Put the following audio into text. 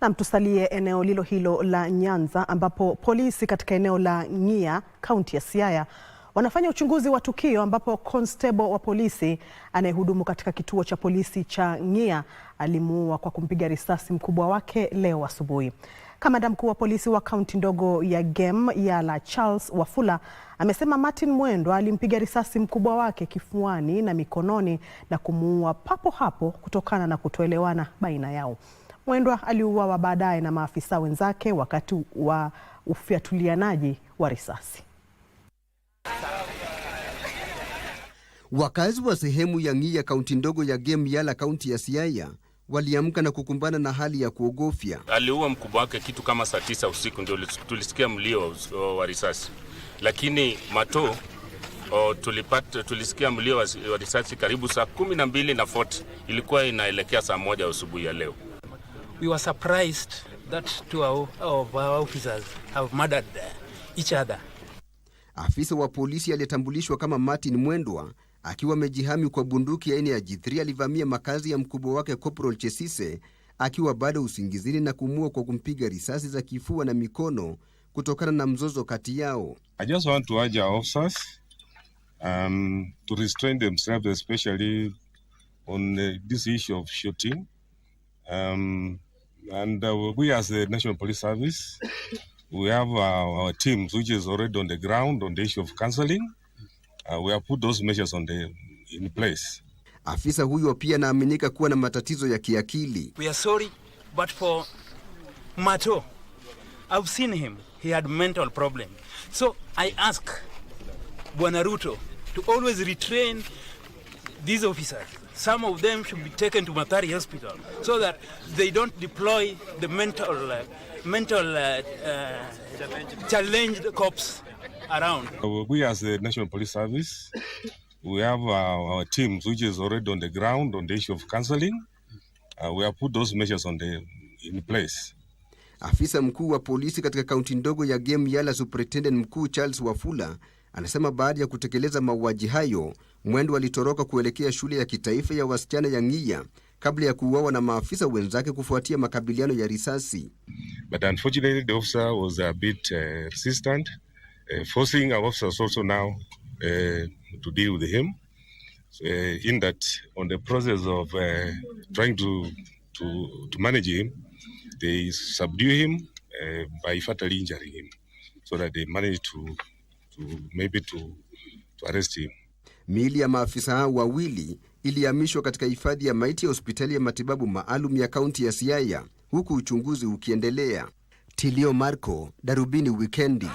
Nam, tusalie eneo lilo hilo la Nyanza ambapo polisi katika eneo la Ng'ia kaunti ya Siaya wanafanya uchunguzi wa tukio ambapo constable wa polisi anayehudumu katika kituo cha polisi cha Ng'ia alimuua kwa kumpiga risasi mkubwa wake leo asubuhi. Kamanda mkuu wa polisi wa kaunti ndogo ya Gem Yala Charles Wafula amesema Martin Mwendwa alimpiga risasi mkubwa wake kifuani na mikononi na kumuua papo hapo kutokana na kutoelewana baina yao. Mwendwa aliuawa baadaye na maafisa wenzake wakati wa ufyatulianaji wa risasi. Wakazi wa sehemu ya Ng'iya, kaunti ndogo ya Gem-Yala, kaunti ya Siaya waliamka na kukumbana na hali ya kuogofya. Aliua mkubwa wake kitu kama saa tisa usiku, ndio tulisikia mlio wa risasi, lakini mato o, tulipata, tulisikia mlio wa risasi karibu saa kumi na mbili na 40 ilikuwa inaelekea saa moja asubuhi ya leo we were surprised that two of our officers have murdered uh, each other. Afisa wa polisi aliyetambulishwa kama Martin Mwendwa akiwa amejihami kwa bunduki aina ya G3 alivamia makazi ya mkubwa wake Corporal Chesise akiwa bado usingizini na kumua kwa kumpiga risasi za kifua na mikono kutokana na mzozo kati yao. I just want to urge our officers um, to restrain themselves especially on uh, this issue of shooting. Um, And uh, we, as the National Police Service, we have our, our teams which is already on the ground on the issue of counseling. Uh, we have put those measures on the, in place. Afisa huyo pia anaaminika kuwa na matatizo ya kiakili. We are sorry but for Mato, I've seen him. He had mental problem. So I ask Bwana Ruto to always retrain these officers, some of them should be taken to Matari Hospital so that they don't deploy the mental, uh, mental uh, uh, challenged cops around. Uh, we as the National Police Service, we have our, our teams which is already on the ground on the issue of counseling. Uh, we have put those measures on the, in place. Afisa mkuu wa polisi katika kaunti ndogo ya Gem Yala, Superintendent mkuu Charles Wafula anasema baada ya kutekeleza mauaji hayo Mwendo alitoroka kuelekea shule ya kitaifa ya wasichana ya Ng'iya kabla ya kuuawa na maafisa wenzake kufuatia makabiliano ya risasi. But unfortunately the officer was a bit uh, resistant uh, forcing our officers also now uh, to deal with him uh, in that on the process of uh, trying to to to manage him they subdue him uh, by fatally injuring him so that they managed to to maybe to to arrest him. Miili ya maafisa hao wawili ilihamishwa katika hifadhi ya maiti ya hospitali ya matibabu maalum ya kaunti ya Siaya huku uchunguzi ukiendelea. Tilio Marco, Darubini Wikendi.